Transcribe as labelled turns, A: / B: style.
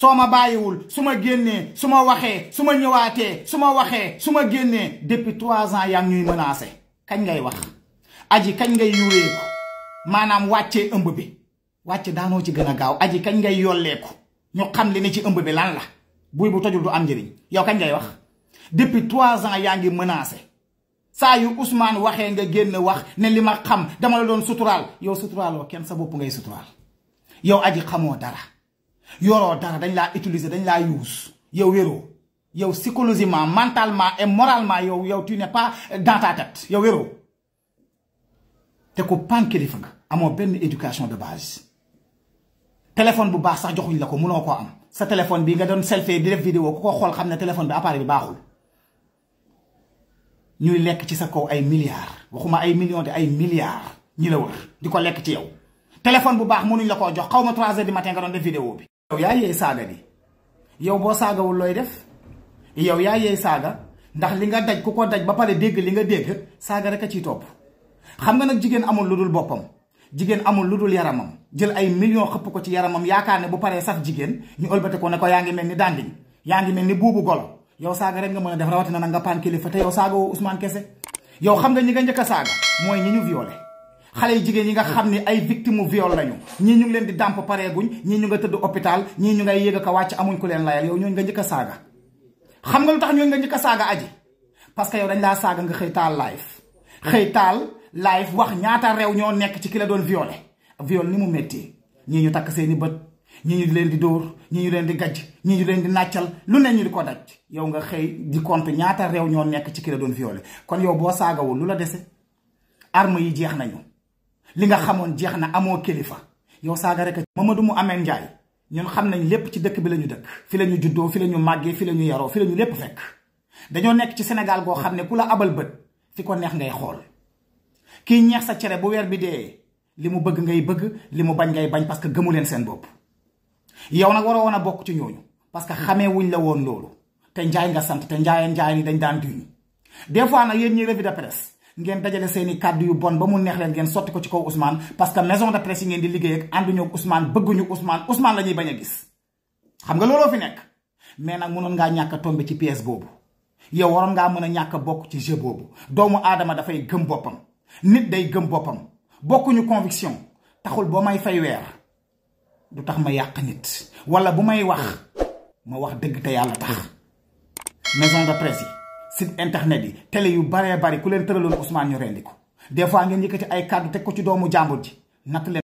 A: soo ma bàyyiwul su ma génnee su ma waxee su ma ñëwaatee su ma waxee su ma génnee depuis trois ans yaa ngi ñuy menacé kañ ngay wax aji kañ ngay yuureeku maanaam wàccee ëmb bi wàcce daanoo ci gën a gaaw aji kañ ngay yolleeku ñu xam li ne ci ëmb bi lan la buy bu tojul du am njëriñ yow kañ ngay wax depuis trois ans yaa ngi menacé saa yu Ousmane waxee nga génn wax ne li ma xam dama la doon suturaal yow suturaaloo kenn sa bopp ngay suturaal yow aji xamoo dara yoroo dara dañ la utiliser dañ la use yow wéro yow psychologiquement mentalement et moralement yow yow tu n'es pas dans ta tête yow wéro té ko pan kilifa nga amoo benn éducation de base téléphone bu baax sax joxuñ la ko mënoo koo am sa téléphone bi nga doon selfie di def vidéo ko ko xol xamné téléphone bi appareil bi baaxul ñuy lekk ci sa kaw ay milliards waxuma ay millions de ay milliards ñi la wax diko ko lekk ci yow téléphone bu baax mënuñ la ko jox xawma 3 h du matin nga doon def vidéo bi yow yaa yey saaga bi yow boo saagawul looy def yow yaa yey saaga ndax li nga daj ku ko daj ba pare dégg li nga dégg saaga rek a ciy topp xam nga nag jigéen amul lu dul boppam jigéen amul lu dul yaramam jël ay million xëpp ko ci yaramam yaakaar ne bu paree sax jigéen ñu ëlbate ko ne ko yaa ngi mel ni dàndiñ yaa ngi mel ni buubu golo yow saaga rek nga mën a def rawatina nag nga paan kilifa te yow saaga woo Ousmane Kese yow xam nga ñi nga njëkk a saaga mooy ñu violé xale yu jigéen yi nga xam ni ay victime mu viol lañu ñii ñu ngi leen di dàmp pareeguñ ñii ñu nga tëdd hôpital ñii ñu ngay yéeg a wàcc amuñ ku leen layal yow ñooñu nga njëkk a saaga xam nga lu tax ñooñu nga njëkk saaga aji parce que dañ laa saaga nga xëy taal live xëy taal live wax ñaata réew ñoo nekk ci ki la doon violé viol ni mu métti ñii ñu takk seeni bët ñii ñu leen di dóor ñii ñu leen di gajj ñii ñu leen di nàccal lu ne ñu di ko daj yow nga xëy di compte ñaata réew ñoo nekk ci ki la doon violé kon yow boo saagawul lu la dese arme yi jeex nañu li nga xamoon jeex na amoo kilifa yow saaga rek Mamadou mu amee Ndiaye ñun xam nañ lépp ci dëkk bi la ñu dëkk fi la ñu juddoo fi la ñu màggee fi la ñu yaroo fi la ñu lépp fekk dañoo nekk ci Sénégal goo xam ne ku la abal bët fi ko neex ngay xool kii ñeex sa cere bu weer bi dee li mu bëgg ngay bëgg li mu bañ ngay bañ parce que gëmu leen seen bopp yow nag waroo woon a bokk ci ñooñu parce que xamee wuñ la woon loolu te njaay nga sant te njaayeen njaayeen yi dañ daan duñ des fois nag yéen ñi revue ngeen dajale seeni kaddu yu bon ba mu neex leen ngeen sotti ko ci kaw Ousmane parce que maison de presse ngeen di liggéey ak ànduñu Ousmane bëgguñu Ousmane Ousmane la ñuy bañ a gis xam nga looloo fi nekk mais nag mënoon ngaa ñàkk a tombé ci pièce boobu yow waroon ngaa mën a ñàkk ci jeu boobu doomu aadama dafay gëm boppam nit day gëm boppam bokkuñu conviction taxul boo may fay weer du tax ma yàq nit wala bu may wax ma wax dëgg te yàlla tax maison de presse site internet yi tele yu baree bari ku leen tëraloon Ousmane ñu rendi ko des fois ngeen yëkkati ay kàddu teg ko ci doomu jàmbur ji natt leen